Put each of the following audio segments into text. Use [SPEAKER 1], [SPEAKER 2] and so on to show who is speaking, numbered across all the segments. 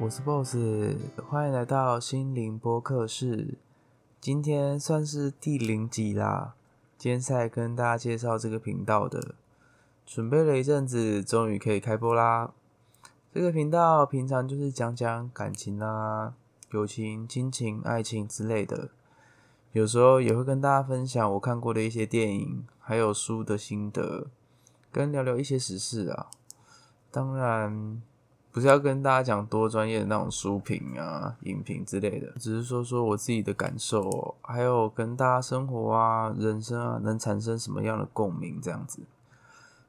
[SPEAKER 1] 我是 Boss，歡迎來到心靈 BO 客室。今天算是第零集啦，今天在跟大家介紹這個頻道的。準備了一陣子，終於可以開播啦。這個頻道平常就是講講感情啊、友情、親情、愛情之類的，有時候也會跟大家分享我看過的一些電影，還有書的心得，跟聊聊一些時事啊。當然。不是要跟大家講多專業的那種書評啊、影評之類的，只是說說我自己的感受，還有跟大家生活啊、人生啊能產生什麼樣的共鳴這樣子。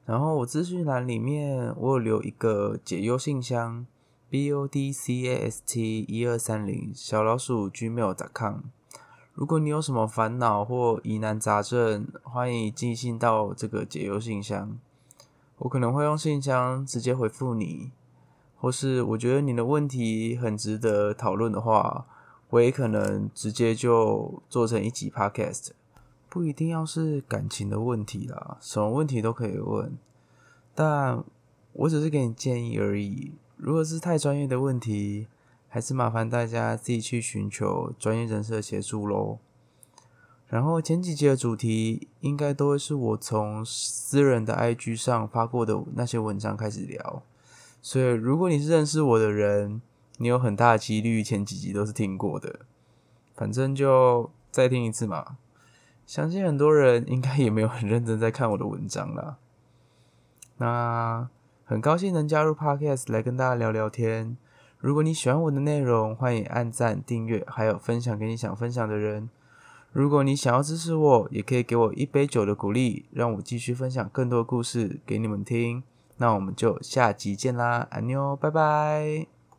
[SPEAKER 1] 然後我資訊欄裡面我有留一個解憂信箱：b o d c a s t 一二三零小老鼠 gmail.com。如果你有什麼煩惱或疑難雜症，歡迎寄信到這個解憂信箱，我可能會用信箱直接回復你。或是我覺得你的問題很值得討論的話，我也可能直接就做成一集 Podcast，不一定要是感情的問題啦，什麼問題都可以問。但我只是給你建議而已。如果是太專業的問題，還是麻煩大家自己去尋求專業人士的協助嘍。然後前幾集的主題應該都會是我從私人的 IG 上發過的那些文章開始聊。所以，如果你是認識我的人，你有很大的幾率前幾集都是聽過的。反正就再聽一次嘛。相信很多人應該也沒有很認真在看我的文章啦。那很高興能加入 Podcast 來跟大家聊聊天。如果你喜歡我的內容，歡迎按讚、訂閱，還有分享給你想分享的人。如果你想要支持我，也可以給我一杯酒的鼓勵，讓我繼續分享更多故事給你們聽。那我們就下集見啦，安妞哦，拜拜。